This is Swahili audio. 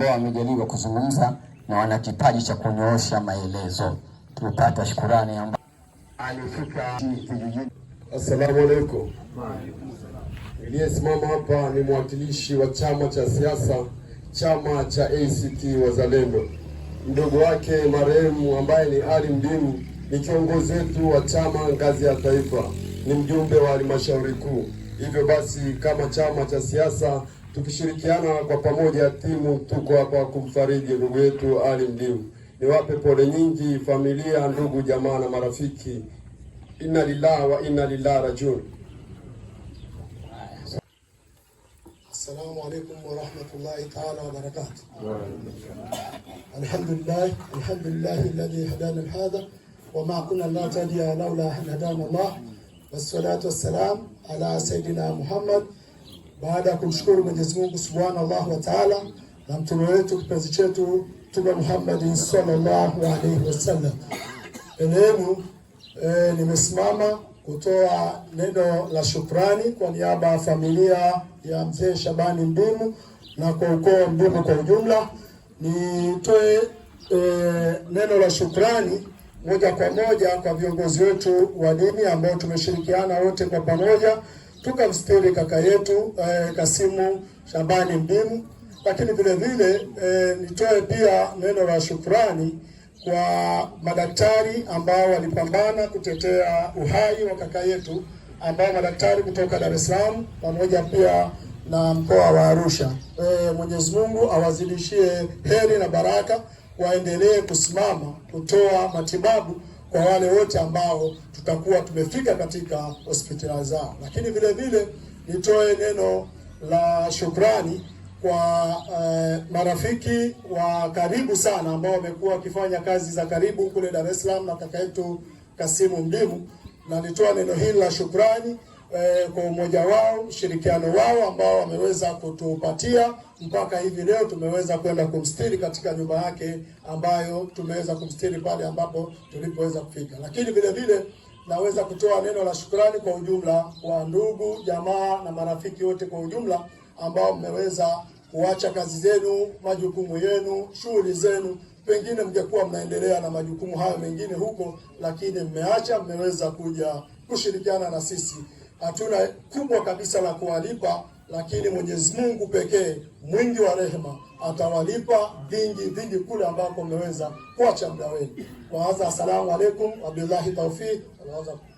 ambao wamejaliwa kuzungumza na wana kipaji cha kunyoosha maelezo. Tupata shukurani amba... alifika kijijini. Assalamu alaikum. Niliyesimama hapa ni mwakilishi wa chama cha siasa, chama cha ACT Wazalendo. Mdogo wake marehemu ambaye ni Ali Mdimu ni kiongozi wetu wa chama ngazi ya taifa, ni mjumbe wa halmashauri kuu. Hivyo basi kama chama cha siasa tukishirikiana kwa pamoja timu, tuko hapa kumfariji ndugu yetu Ali Mdiu. Niwape pole nyingi familia, ndugu, jamaa na marafiki. Inna lillahi wa inna ilaihi rajiun. Assalamu alaykum wa rahmatullahi ta'ala wa barakatuh. Alhamdulillah, alhamdulillah alladhi hadana hadha wa ma kunna la nahtadiya lawla an hadana Allah. Wassalatu wassalam ala sayidina Muhammad baada ya kumshukuru Mwenyezi Mungu Subhanahu wa Ta'ala na mtume wetu kipenzi chetu Mtume Muhammad sallallahu alaihi wasallam. Mbele e, nimesimama kutoa neno la shukrani kwa niaba ya familia ya mzee Shabani Mdimu na kwa ukoo Mbumu kwa ujumla. Nitoe e, neno la shukrani moja kwa moja kwa viongozi wetu wa dini ambao tumeshirikiana wote kwa pamoja tukamstiri kaka yetu eh, Kasimu Shambani Mdimu, lakini vile vile eh, nitoe pia neno la shukrani kwa madaktari ambao walipambana kutetea uhai wa kaka yetu ambao madaktari kutoka Dar es Salaam pamoja pia na mkoa wa Arusha. Eh, Mwenyezi Mungu awazidishie heri na baraka, waendelee kusimama kutoa matibabu kwa wale wote ambao tutakuwa tumefika katika hospitali zao. Lakini vile vile nitoe neno la shukrani kwa uh, marafiki wa karibu sana ambao wamekuwa wakifanya kazi za karibu kule Dar es Salaam na kaka yetu Kasimu Mdimu, na nitoa neno hili la shukrani uh, kwa umoja wao, ushirikiano wao ambao wameweza kutupatia mpaka hivi leo tumeweza kwenda kumstiri katika nyumba yake ambayo tumeweza kumstiri pale ambapo tulipoweza kufika, lakini vile vile naweza kutoa neno la shukrani kwa ujumla kwa ndugu jamaa na marafiki wote kwa ujumla ambao mmeweza kuacha kazi zenu, majukumu yenu, shughuli zenu, pengine mngekuwa mnaendelea na majukumu hayo mengine huko, lakini mmeacha, mmeweza kuja kushirikiana na sisi. Hatuna kubwa kabisa la kuwalipa lakini Mwenyezi Mungu pekee mwingi wa rehema atawalipa vingi vingi kule ambako mmeweza kuacha muda wenu. Waanza, assalamu alaikum, wabillahi tawfiq.